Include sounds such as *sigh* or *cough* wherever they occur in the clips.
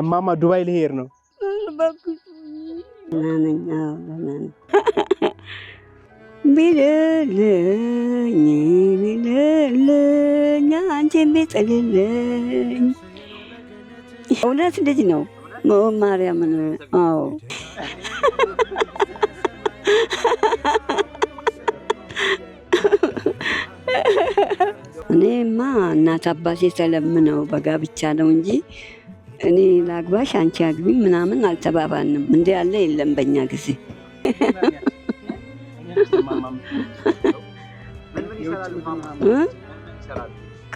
እማማ ዱባይ ልሄድ ነው። ቢልልኝ ቢልልኝ አንቺን ቢጥልልኝ እውነት ልጅ ነው ማርያምን። አዎ እኔማ እናት አባቴ ተለምነው በጋብቻ ነው እንጂ እኔ ላግባሽ አንቺ አግቢ ምናምን አልተባባንም። እንዲ ያለ የለም በእኛ ጊዜ።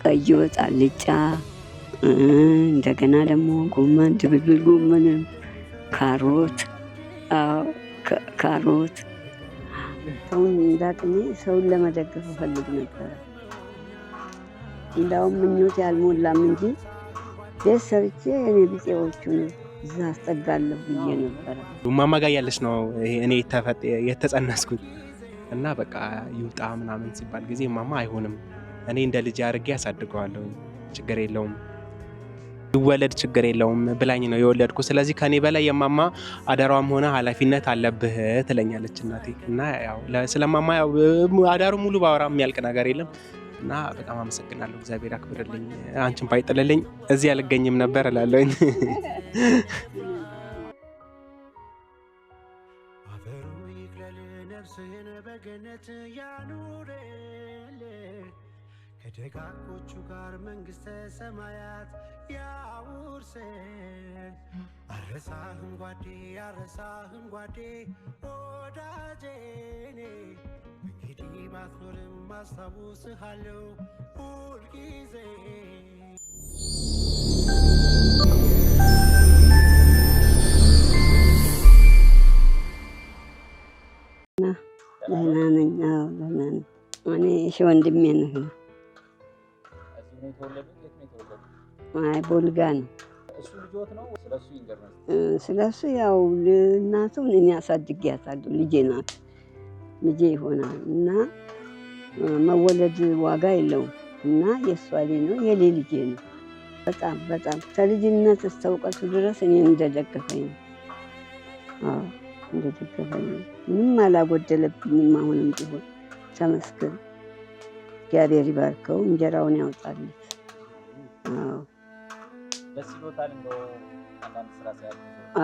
ቀይ ወጥ አልጫ፣ እንደገና ደግሞ ጎመን ድብልብል፣ ጎመንም ካሮት ካሮት ሰውን እንዳቅሜ ሰውን ለመደገፍ እፈልግ ነበረ። እንዳውም ምኞት ያልሞላም እንጂ ቤት ሰርቼ እኔ ብጤዎቹን እዛ አስጠጋለሁ ብዬ ነበረ። እማማ ጋር ያለች ነው እኔ የተጸነስኩት እና በቃ ይውጣ ምናምን ሲባል ጊዜ እማማ አይሆንም፣ እኔ እንደ ልጅ አድርጌ አሳድገዋለሁ፣ ችግር የለውም ይወለድ ችግር የለውም ብላኝ ነው የወለድኩ። ስለዚህ ከኔ በላይ የማማ አዳሯም ሆነ ኃላፊነት አለብህ ትለኛለች እናቴ። እና ስለማማ አዳሩ ሙሉ ባወራ የሚያልቅ ነገር የለም እና በጣም አመሰግናለሁ። እግዚአብሔር አክብርልኝ። አንቺን ባይጥልልኝ እዚህ አልገኝም ነበር እላለሁኝ። *laughs* አፈሩ ይክለል ነፍስህን በገነት ከደጋጎቹ ጋር መንግሥተ ሰማያት ያውርሰን። አረሳህም ጓዴ አረሳህም ጓዴ ወዳጄኔ እንግዲህ ባትኖርም ማስታውስሃለው ሁልጊዜ። ደህና ነኝ። እኔ ወንድሜ ነህ አይ ቦልጋ ነው። ስለሱ ያው እናቱን እኔ አሳድጌያታለሁ። ልጄ ናት፣ ልጄ ይሆናል እና መወለድ ዋጋ የለውም እና የእሷ ልጅ ነው፣ የሌ ልጄ ነው። በጣም በጣም ከልጅነት እስከ እውቀቱ ድረስ እኔ እንደደገፈኝ ነው፣ እንደደገፈኝ ምንም አላጎደለብኝም። አሁንም ቢሆን ተመስገን። እግዚአብሔር ይባርከው፣ እንጀራውን ያውጣል።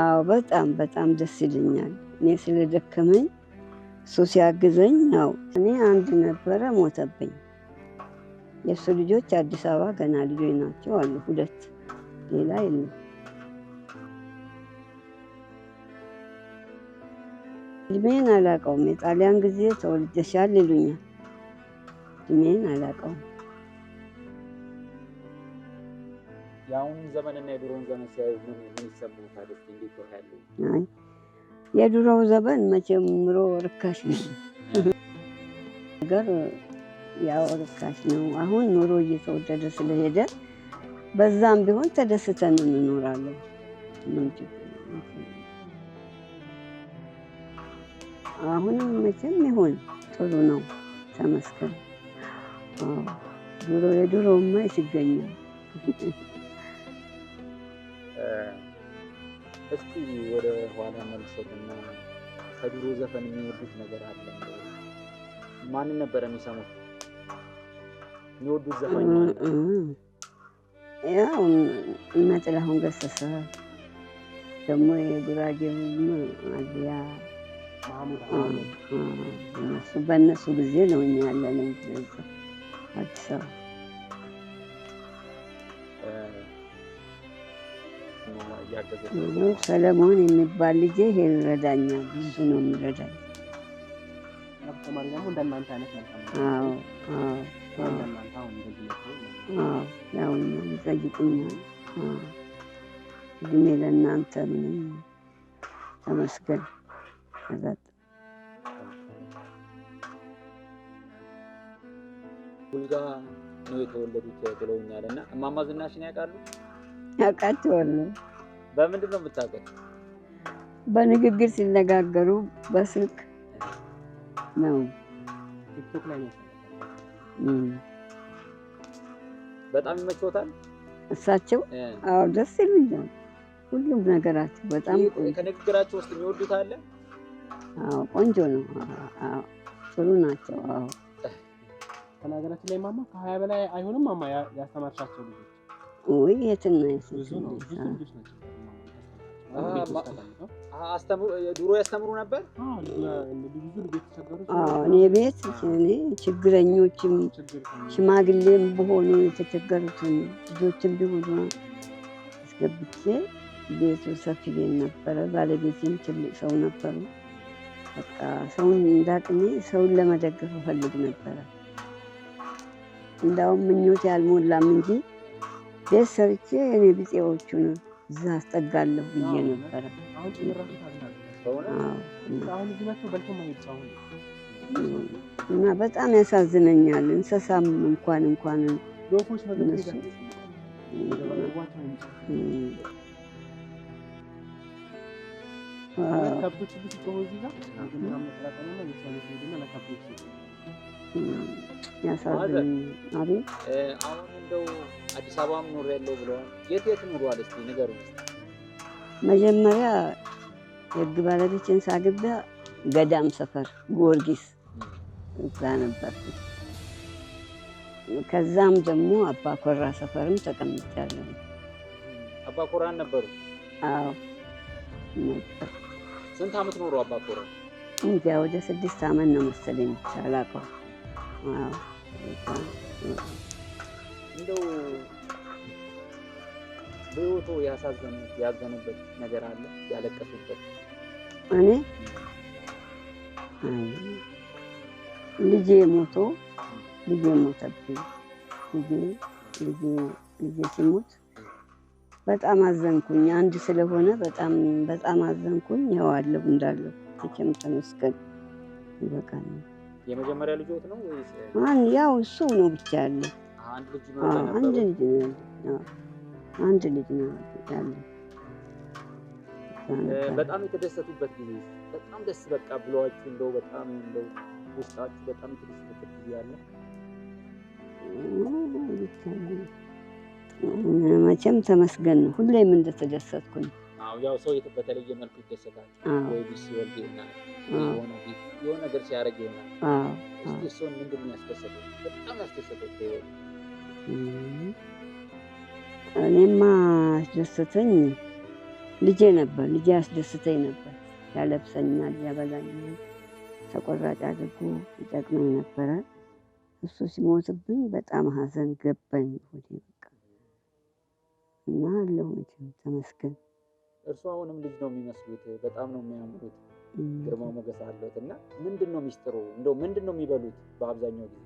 አዎ በጣም በጣም ደስ ይለኛል። እኔ ስለደከመኝ እሱ ሲያግዘኝ ነው። እኔ አንድ ነበረ ሞተብኝ። የእሱ ልጆች አዲስ አበባ ገና ልጆች ናቸው አሉ ሁለት፣ ሌላ የለም። እድሜን አላውቀውም። የጣሊያን ጊዜ ተወልደሻል ይሉኛል። እድሜን አላውቀውም። የአሁን ዘመንና የድሮውን ዘመን ሲያዩ ምን ይሰሙታል? እንዴት ይወታሉ? የድሮው ዘመን መቼም ኑሮ ርካሽ ነው *laughs* ነገር ያው ርካሽ ነው። አሁን ኑሮ እየተወደደ ስለሄደ በዛም ቢሆን ተደስተን እንኖራለን። አሁንም መቼም ይሁን ጥሩ ነው። ተመስገን ድሮ የድሮማ ይገኛል። እስቲ ወደ ኋላ መልሰትና ከድሮ ዘፈን የሚወዱት ነገር አለ? ማንን ነበር የሚሰሙት? የሚወዱት ዘፈን ያው እነ ጥላሁን ገሰሰ ደግሞ የጉራጌውም አዚያ እነሱ በእነሱ ጊዜ ነው እኛ ያለን अच्छा ሰለሞን የሚባል ልጄ ይረዳኛል። ብዙ ነው የሚረዳኝ። ያው ይጠይቁኛል። እድሜ ለእናንተ ምንም ተመስገን። ሁልጋ ነው የተወለዱት ብለውኛል። እና እማማ ዝናሽን ያውቃሉ? ያውቃቸዋለሁ። በምንድን ነው የምታውቀው? በንግግር ሲነጋገሩ በስልክ ነው። በጣም ይመቾታል? እሳቸው? አዎ ደስ ይሉኛል። ሁሉም ነገራቸው በጣም ከንግግራቸው ውስጥ የሚወዱት አለ? አዎ ቆንጆ ነው። ጥሩ ናቸው። አዎ ከነገራችን ላይ ማማ ከሀያ በላይ አይሆንም ማማ ያስተማርሻቸው ልጆች። ውይ የትና ድሮ ያስተምሩ ነበር። እኔ ቤት እኔ ችግረኞችም ሽማግሌም በሆኑ የተቸገሩትን ልጆችን ቢሆኑ አስገብቼ ቤቱ ሰፊ ቤት ነበረ። ባለቤቴም ትልቅ ሰው ነበሩ። በቃ ሰውን እንዳቅሜ ሰውን ለመደገፍ እፈልግ ነበረ። እንዳውም ምኞት ያልሞላም እንጂ ቤት ሰርቼ እኔ ብጤዎቹን እዛ አስጠጋለሁ ብዬ ነበረ። እና በጣም ያሳዝነኛል። እንስሳም እንኳን እንኳን እነሱ ያሳዝን። አቤት አሁን እንደው አዲስ አበባም ኖር ያለው ብለዋል። የት የት ኑሯል? እስኪ ንገሩኝ። መጀመሪያ የህግ ባለቤቴን ሳግባ ገዳም ሰፈር ጊዮርጊስ እዛ ነበርኩኝ። ከዛም ደግሞ አባኮራ ሰፈርም ተቀምጫለሁ። አባኮራን ነበሩ? አዎ ነበር። ስንት አመት ኖሩ አባኮራ? እንጃ ወደ ስድስት አመት ነው መሰለኝ፣ አላውቀውም እንደው በህይወቱ ያሳዘኑት ያዘኑበት ነገር አለ? ያለቀሱበት? እኔ ልጄ ሞቶ ልጄ ሞተብኝ። ልጄ ልጄ ልጄ ሲሞት በጣም አዘንኩኝ። አንድ ስለሆነ በጣም በጣም አዘንኩኝ። ይኸው አለሁ እንዳለሁ ተቸምተመስገን ይበቃል። የመጀመሪያ ልጆት ነው ወይስ? ያው እሱ ነው ብቻ ያለ አንድ ልጅ ነው ያለው። አንድ ልጅ ነው ያለው። በጣም የተደሰቱበት ጊዜ በጣም ደስ በቃ ብሏችሁ እንደው በጣም እንደው ውስጣችሁ በጣም የተደሰቱበት ጊዜ አለ? መቼም ተመስገን ነው ሁሌም እንደተደሰትኩኝ ያው ሰው በተለየ መልኩ ይደሰታል ወይ ቢስ ሲወልድ ይሆናል የሆነ ቤት የሆነ ነገር ሲያደርግ ይሆናል። እስቲ እሱን ምንድን ነው ያስደሰተው? በጣም ያስደሰተው እኔማ ያስደሰተኝ ልጄ ነበር። ልጄ ያስደስተኝ ነበር። ያለብሰኛል፣ ያበላኛል፣ ተቆራጭ አድርጎ ይጠቅመኝ ነበረ። እሱ ሲሞትብኝ በጣም ሀዘን ገባኝ። ሆቴ በቃ እና አለሁ ተመስገን እርሱ አሁንም ልጅ ነው የሚመስሉት። በጣም ነው የሚያምሩት፣ ግርማ ሞገስ አለት እና ምንድን ነው ሚስጥሩ? እንደው ምንድን ነው የሚበሉት በአብዛኛው ጊዜ?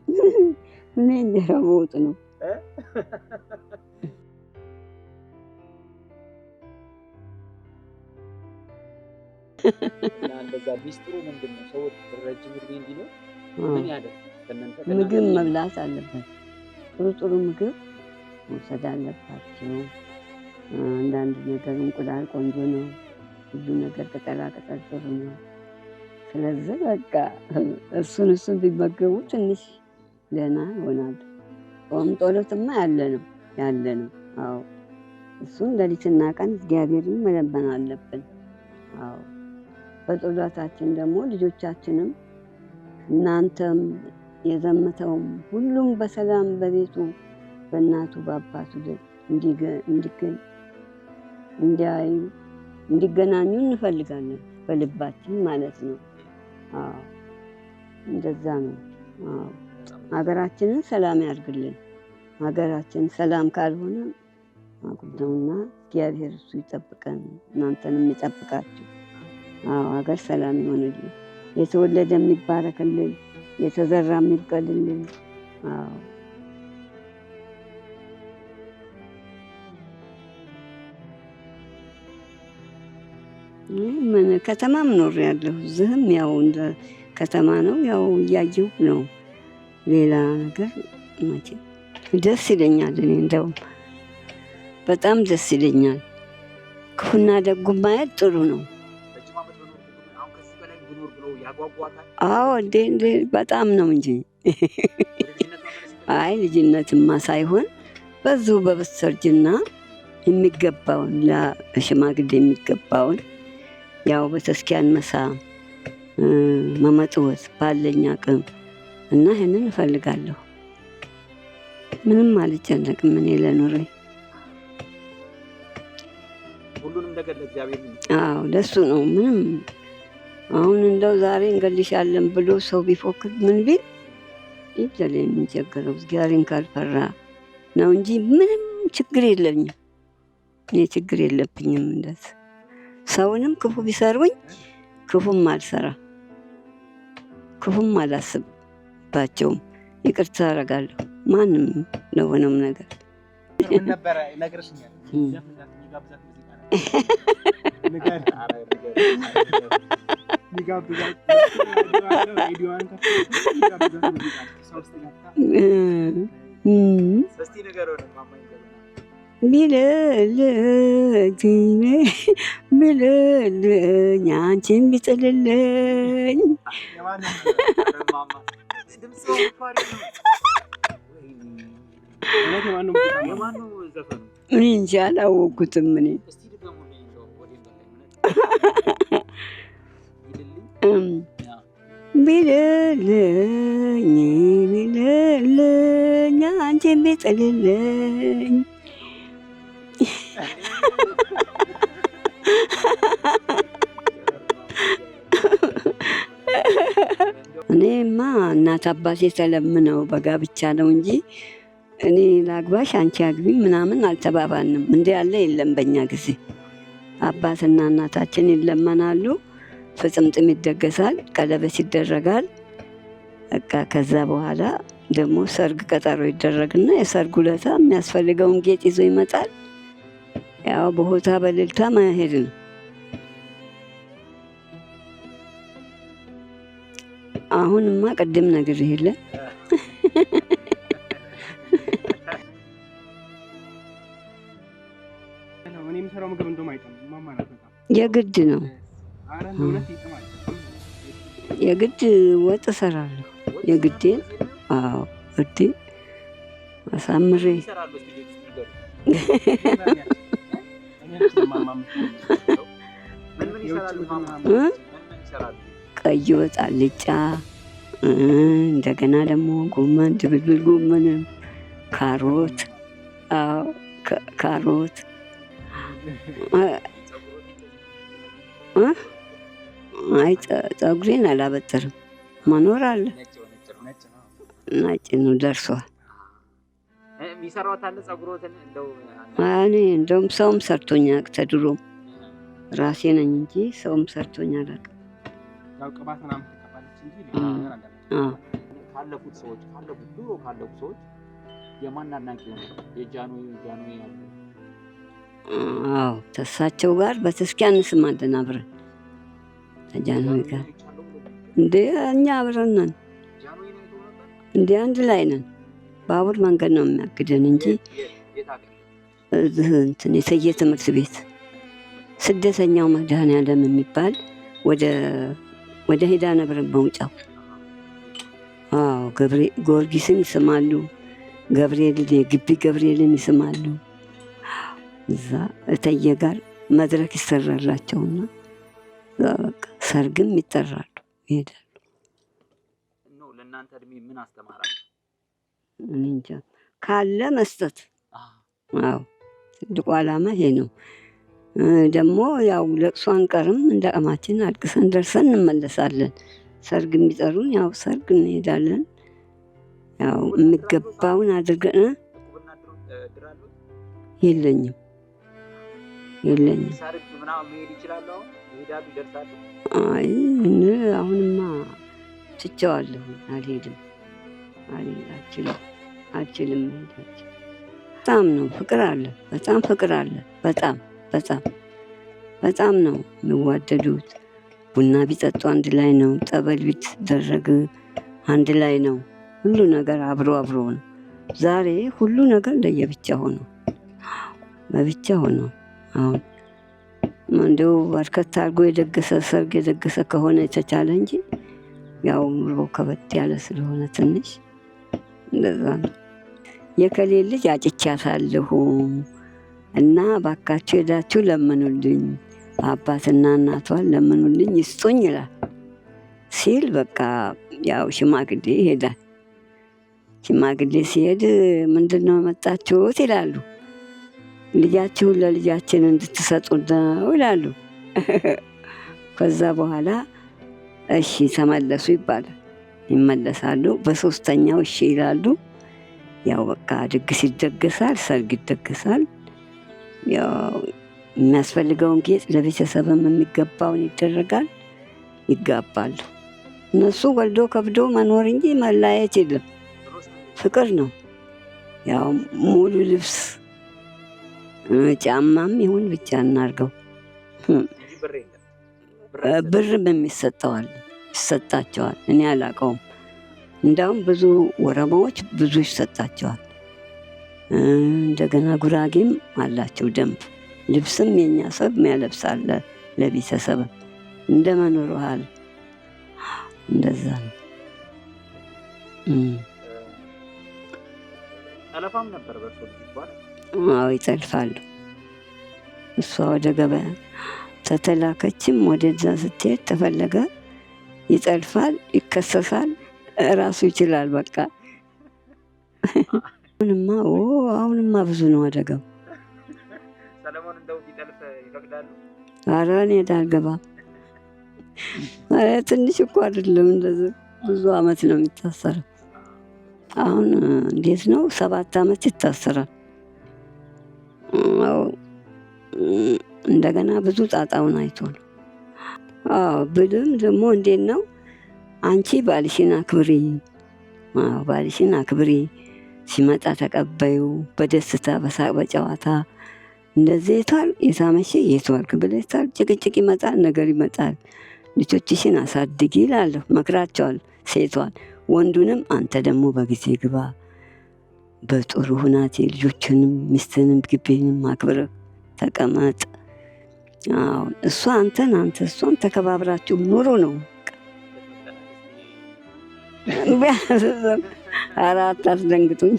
እኔ እንጀራ በወጥ ነው። እንደዛ ሚስጥሩ ምንድን ነው? ሰዎች ረጅም እድሜ እንዲኖር ምን ያደርግ? ምግብ መብላት አለበት። ጥሩ ጥሩ ምግብ መውሰድ አለባቸው። አንዳንድ ነገር እንቁላል ቆንጆ ነው፣ ብዙ ነገር ቅጠላ ቅጠል ጥሩ ነው። ስለዚህ በቃ እሱን እሱን ቢመገቡ ትንሽ ደህና ይሆናሉ። ጾም ጦሎትማ ያለ ነው ያለ ነው። አዎ እሱን ሌሊትና ቀን እግዚአብሔርን መለመን አለብን። አዎ በጦሎታችን ደግሞ ልጆቻችንም እናንተም የዘመተውም ሁሉም በሰላም በቤቱ በእናቱ በአባቱ እንዲገኝ እንዲያዩ እንዲገናኙ እንፈልጋለን፣ በልባችን ማለት ነው። እንደዛ ነው። ሀገራችንን ሰላም ያድርግልን። ሀገራችን ሰላም ካልሆነ አቁደውና እግዚአብሔር እሱ ይጠብቀን፣ እናንተንም ይጠብቃችሁ። ሀገር ሰላም ይሆንልን፣ የተወለደ የሚባረክልን፣ የተዘራ የሚብቀልልን። አዎ ከተማም ኖር ያለሁ ዝህም ያው እንደ ከተማ ነው። ያው እያየሁ ነው። ሌላ ነገር ደስ ይለኛል። እኔ እንደውም በጣም ደስ ይለኛል። ክፉና ደጉ ማየት ጥሩ ነው። አዎ እንዴ በጣም ነው እንጂ *laughs* አይ ልጅነትማ ሳይሆን በዙ በበሰርጅና የሚገባውን ለሽማግሌ የሚገባውን ያው በተስኪያን መሳ መመጥወት ባለኝ አቅም እና ይህንን እፈልጋለሁ። ምንም አልጨነቅም እኔ ለኑሬ። ሁሉንም ነገር ለእግዚአብሔር አዎ፣ ለሱ ነው። ምንም አሁን እንደው ዛሬ እንገልሻለን ብሎ ሰው ቢፎክር ምን ቢል ይጀለ የሚቸገረው እግዚአብሔርን ካልፈራ ነው እንጂ ምንም ችግር የለኝም እኔ ችግር የለብኝም እንደት ሰውንም ክፉ ቢሰሩኝ ክፉም አልሰራ ክፉም አላስብባቸውም። ይቅርታ አደርጋለሁ። ማንም ለሆነም ነገር እ ቢልልኝ ብልልኝ አንቺን ቢጥልልኝ እንጂ አላወኩትም። እኔ ቢልልኝ ቢልልኝ አንቺን ቢጥልልኝ *laughs* እኔማ እናት አባቴ ተለምነው በጋብቻ ነው እንጂ እኔ ላግባሽ አንቺ አግቢ ምናምን አልተባባንም። እንዲህ ያለ የለም በእኛ ጊዜ። አባትና እናታችን ይለመናሉ፣ ፍጽምጥም ይደገሳል፣ ቀለበት ይደረጋል። በቃ ከዛ በኋላ ደግሞ ሰርግ ቀጠሮ ይደረግና የሰርጉ ለታ የሚያስፈልገውን ጌጥ ይዞ ይመጣል። ያው በሆታ በልልታ መሄድ ነው። አሁንማ ቅድም ነገር የለ የግድ ነው የግድ ወጥ እሰራለሁ። የግዴን አዎ ወዴ አሳምሬ ቀይ ወጥ አልጫ፣ እንደገና ደግሞ ጎመን ድብልብል፣ ጎመንም ካሮት፣ ካሮት አይ ጸጉሬን አላበጥርም። መኖር አለ። ነጭ ነው ደርሷል። ይሰራዎታል ጸጉሮትን? እንደው እኔ እንደውም ሰውም ሰርቶኛ ተድሮም ራሴ ነኝ እንጂ ሰውም ሰርቶኛ ያው ቅባት ምናምን ትቀባለች እንጂ ካለፉት ሰዎች ካለፉት ድሮ ካለፉት ሰዎች ሆነ አዎ ተሳቸው ጋር በተስኪያን አብረን ጋር እኛ አብረን ነን አንድ ላይ ነን። ባቡር መንገድ ነው የሚያግደን እንጂ እንትን የሰየ ትምህርት ቤት ስደተኛው ያለም የሚባል ወደ ሄዳ ነበር መውጫው። አዎ ጊዮርጊስን ይስማሉ፣ ገብርኤልን የግቢ ገብርኤልን ይስማሉ። እዛ እተየ ጋር መድረክ ይሰራላቸውና ሰርግም ይጠራሉ፣ ይሄዳሉ። ለእናንተ እድሜ ምን አስተማራል? እንጃ ካለ መስጠት። አዎ ትልቁ ዓላማ ይሄ ነው። ደግሞ ያው ለቅሶ አንቀርም፣ እንደ አቅማችን አድቅሰን ደርሰን እንመለሳለን። ሰርግ የሚጠሩን ያው ሰርግ እንሄዳለን። ያው የሚገባውን አድርገን የለኝም የለኝም። አይ አሁንማ ትቼዋለሁ፣ አልሄድም አልችልም አልችልም መሄዳችን በጣም ነው ፍቅር አለ። በጣም ፍቅር አለ። በጣም በጣም በጣም ነው የሚዋደዱት። ቡና ቢጠጡ አንድ ላይ ነው። ጠበል ቢደረግ አንድ ላይ ነው። ሁሉ ነገር አብሮ አብሮ ነው። ዛሬ ሁሉ ነገር ለየብቻ ሆኖ በብቻ ሆኖ አሁን እንዲሁ በርከት አድርጎ የደገሰ ሰርግ የደገሰ ከሆነ የተቻለ እንጂ ያው ኑሮ ከበድ ያለ ስለሆነ ትንሽ እንደዛ ነው። ልጅ አጭቻ ሳለሁ እና ባካችሁ ሄዳችሁ ለምኑልኝ፣ አባትና እናቷ ለምኑልኝ ይስጡኝ ይላል ሲል በቃ ያው ሽማግሌ ይሄዳል። ሽማግሌ ሲሄድ ምንድን ነው መጣችሁት ይላሉ። ልጃችሁን ለልጃችን እንድትሰጡ ነው ይላሉ። *laughs* ከዛ በኋላ እሺ ተመለሱ ይባላል። ይመለሳሉ። በሶስተኛው እሺ ይላሉ። ያው በቃ ድግስ ይደገሳል፣ ሰርግ ይደገሳል። ያው የሚያስፈልገውን ጌጥ ለቤተሰብም የሚገባውን ይደረጋል፣ ይጋባሉ። እነሱ ወልዶ ከብዶ መኖር እንጂ መለያየት የለም፣ ፍቅር ነው። ያው ሙሉ ልብስ ጫማም ይሁን ብቻ እናርገው ብርም የሚሰጠዋል ይሰጣቸዋል። እኔ አላውቀውም። እንዲያውም ብዙ ወረማዎች ብዙ ይሰጣቸዋል። እንደገና ጉራጌም አላቸው ደንብ። ልብስም የኛ ሰብ ያለብሳል ለቤተሰብ እንደ መኖር ያህል እንደዛ ነው። ጠለፋም ነበር አዎ፣ ይጠልፋሉ። እሷ ወደ ገበያ ተተላከችም ወደዛ ስትሄድ ተፈለገ ይጠልፋል፣ ይከሰሳል፣ ራሱ ይችላል። በቃ አሁንማ አሁንማ ብዙ ነው አደጋው። ኧረ እኔ አልገባም። ትንሽ እኮ አይደለም እንደዚህ ብዙ አመት ነው የሚታሰረው። አሁን እንዴት ነው ሰባት አመት ይታሰራል። እንደገና ብዙ ጣጣውን አይቶ ነው ብልም ደግሞ እንዴት ነው አንቺ ባልሽን አክብሪ፣ ባልሽን አክብሪ፣ ሲመጣ ተቀበዩ በደስታ በሳቅ በጨዋታ እንደዚህ የቷል የታመሸ የቷልክ ብለሽ ታል ጭቅጭቅ ይመጣል፣ ነገር ይመጣል። ልጆችሽን አሳድጊ ይላለሁ፣ መክራቸዋል ሴቷን ወንዱንም አንተ ደግሞ በጊዜ ግባ በጥሩ ሁናቴ ልጆችንም ሚስትንም ግቤንም አክብረ ተቀመጥ አዎ እሷ አንተን አንተ እሷን ተከባብራችሁ ኑሩ ነው። አራት አስደንግጡኝ።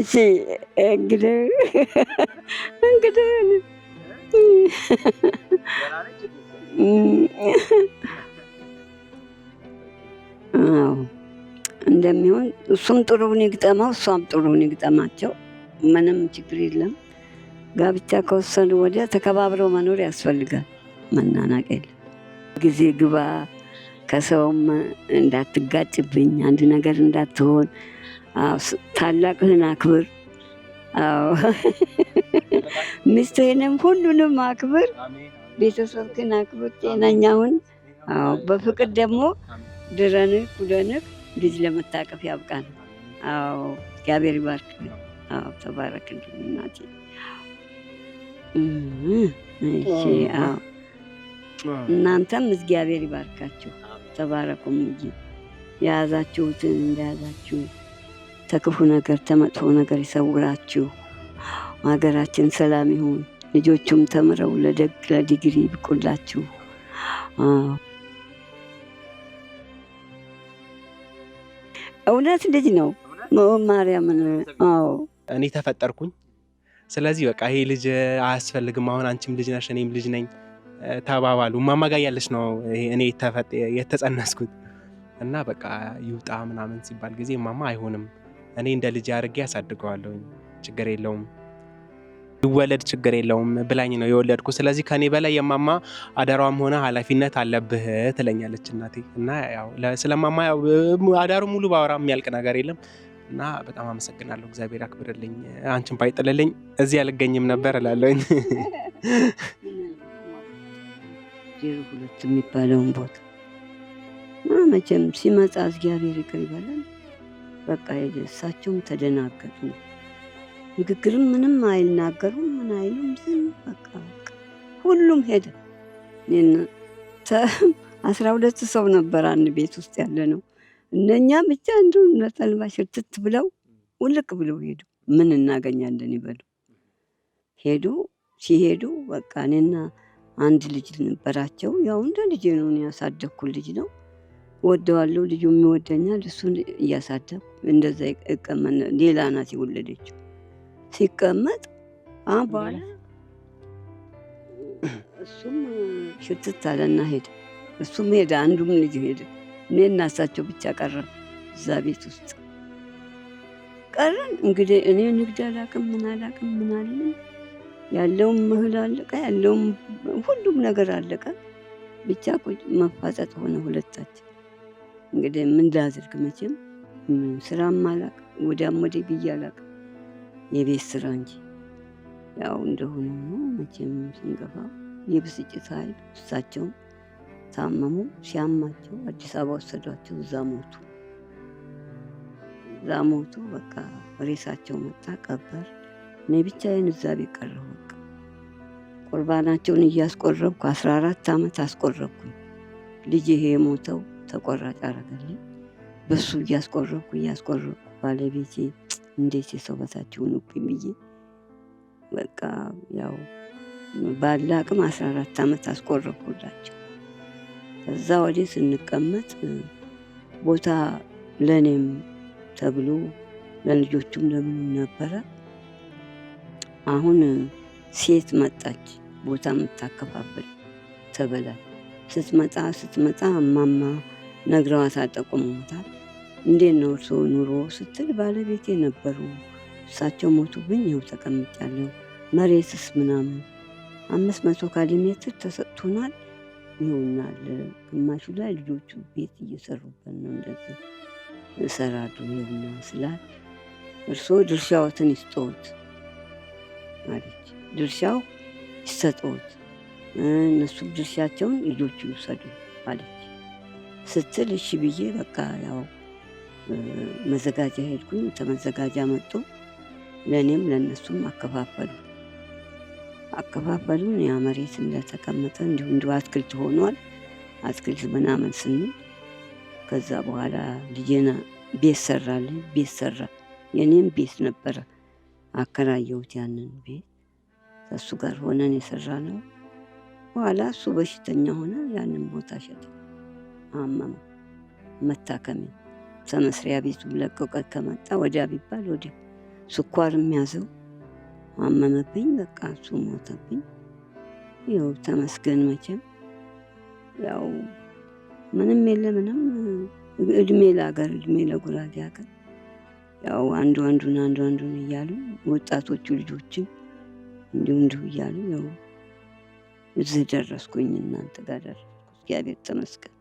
እሺ እንግዲህ እንግዲህ አዎ እንደሚሆን እሱም ጥሩውን ይግጠማው፣ እሷም ጥሩውን ይግጠማቸው። ምንም ችግር የለም። ጋብቻ ከወሰኑ ወዲያ ተከባብረው መኖር ያስፈልጋል። መናናቅ የለም። ጊዜ ግባ፣ ከሰውም እንዳትጋጭብኝ፣ አንድ ነገር እንዳትሆን፣ ታላቅህን አክብር፣ *laughs* ሚስትህንም ሁሉንም አክብር፣ ቤተሰብክን አክብር፣ ጤነኛውን በፍቅር ደግሞ ድረንህ ኩደንህ ልጅ ለመታቀፍ ያብቃል። አዎ እግዚአብሔር ይባርክ። አዎ ተባረክ። እንድናት እሺ አዎ እናንተም እግዚአብሔር ይባርካችሁ። ተባረኩም እንጂ የያዛችሁትን እንደያዛችሁ ተክፉ ነገር ተመጥፎ ነገር ይሰውራችሁ። ሀገራችን ሰላም ይሁን። ልጆቹም ተምረው ለደግ ለዲግሪ ይብቁላችሁ። እውነት ልጅ ነው ማርያምን። አዎ እኔ ተፈጠርኩኝ። ስለዚህ በቃ ይሄ ልጅ አያስፈልግም። አሁን አንቺም ልጅ ነሽ፣ እኔም ልጅ ነኝ ተባባሉ። እማማ ጋ ያለች ነው እኔ የተጸነስኩት እና በቃ ይውጣ ምናምን ሲባል ጊዜ እማማ አይሆንም፣ እኔ እንደ ልጅ አድርጌ ያሳድገዋለሁኝ፣ ችግር የለውም ይወለድ ችግር የለውም ብላኝ ነው የወለድኩ። ስለዚህ ከኔ በላይ የማማ አዳሯም ሆነ ኃላፊነት አለብህ ትለኛለች እናቴ እና ያው ስለማማ አዳሩ ሙሉ ባወራ የሚያልቅ ነገር የለም እና በጣም አመሰግናለሁ። እግዚአብሔር አክብርልኝ። አንቺን ባይጥልልኝ እዚህ አልገኝም ነበር እላለኝ። ዜሮ ሁለት የሚባለውን ቦታ መቼም ሲመጣ እግዚአብሔር ይቅር ይበላል። በቃ እሳቸውም ተደናገጡ ነው ንግግርም ምንም አይናገሩም፣ ምን አይሉም። ዝም በቃ ሁሉም ሄደ። አስራ ሁለት ሰው ነበር አንድ ቤት ውስጥ ያለ ነው። እነኛ ብቻ እንዱ ነጠልባሽ እርትት ብለው ውልቅ ብለው ሄዱ። ምን እናገኛለን ይበሉ ሄዱ። ሲሄዱ በቃ እኔና አንድ ልጅ ነበራቸው። ያው እንደ ልጅ ነው ያሳደግኩ ልጅ ነው ወደዋለሁ። ልጁ የሚወደኛል። እሱን እያሳደግኩ እንደዛ ይቀመን ሌላ ናት የወለደችው ሲቀመጥ አሁን በኋላ እሱም ሽትት አለና ሄደ። እሱም ሄደ፣ አንዱም ልጅ ሄደ። እኔ እናሳቸው ብቻ ቀረን እዛ ቤት ውስጥ ቀረን። እንግዲህ እኔ ንግድ አላቅም፣ ምን አላቅም፣ ምን አለን ያለውም እህል አለቀ፣ ያለውም ሁሉም ነገር አለቀ። ብቻ ቁጭ መፋጠጥ ሆነ ሁለታችን። እንግዲህ ምን ላድርግ መቼም ስራም አላቅ፣ ወዲያም ወዲህ ብዬ አላቅም። የቤት ስራ እንጂ ያው እንደሆነ ነው። መቼም ስንገፋ የብስጭት ኃይል እሳቸውም ታመሙ። ሲያማቸው አዲስ አበባ ወሰዷቸው። እዛ ሞቱ። እዛ ሞቱ። በቃ ሬሳቸው መጣ ቀበር። እኔ ብቻዬን እዛ ቤት ቀረሁ። በቃ ቁርባናቸውን እያስቆረብኩ አስራ አራት ዓመት አስቆረብኩኝ። ልጅ ይሄ የሞተው ተቆራጭ አረገልኝ። በሱ እያስቆረብኩ እያስቆረብኩ ባለቤቴ እንዴት የሰው በታች ሆኑብኝ ብዬ በቃ ያው ባለ አቅም አስራ አራት ዓመት አስቆረኩላቸው። ከዛ ወዲህ ስንቀመጥ ቦታ ለእኔም ተብሎ ለልጆቹም ለምን ነበረ። አሁን ሴት መጣች ቦታ የምታከፋፍል ተበላል። ስትመጣ ስትመጣ እማማ ነግረዋት አጠቁመውታል። እንዴት ነው እርሶ ኑሮ ስትል ባለቤቴ ነበሩ፣ እሳቸው ሞቱብኝ፣ ይኸው ተቀምጫለሁ። መሬትስ ምናምን አምስት መቶ ካሬ ሜትር ተሰጥቶናል፣ ይሆናል። ግማሹ ላይ ልጆቹ ቤት እየሰሩበት ነው፣ እንደዚህ እሰራሉ ይሆና ስላል እርስዎ ድርሻዎትን ይስጠዎት ማለች። ድርሻው ይሰጠዎት፣ እነሱ ድርሻቸውን ልጆቹ ይውሰዱ ማለች ስትል እሺ ብዬ በቃ ያው መዘጋጃ ሄድኩኝ። ተመዘጋጃ መጡ። ለእኔም ለእነሱም አከፋፈሉ አከፋፈሉን ያ መሬት እንደተቀመጠ እንዲሁ እንዲሁ አትክልት ሆኗል። አትክልት ምናምን ስንል ከዛ በኋላ ልጄና ቤት ሰራልኝ። ቤት ሰራ የእኔም ቤት ነበረ። አከራየሁት ያንን ቤት ከእሱ ጋር ሆነን የሰራ ነው። በኋላ እሱ በሽተኛ ሆነ። ያንን ቦታ ሸጠ። አመመ መታከሚያ ከመስሪያ ቤቱ ለቀቀት ከመጣ ወዲያ ቢባል ወዲያ ስኳር የሚያዘው አመመብኝ። በቃ እሱ ሞተብኝ። ይኸው ተመስገን መቼም ያው ምንም የለ ምንም እድሜ ለሀገር እድሜ ለጉራጌ ሀገር ያው አንዱ አንዱን አንዱ አንዱን እያሉ ወጣቶቹ ልጆችን እንዲሁ እንዲሁ እያሉ ያው እዚህ ደረስኩኝ፣ እናንተ ጋር ደረስኩ። እግዚአብሔር ተመስገን።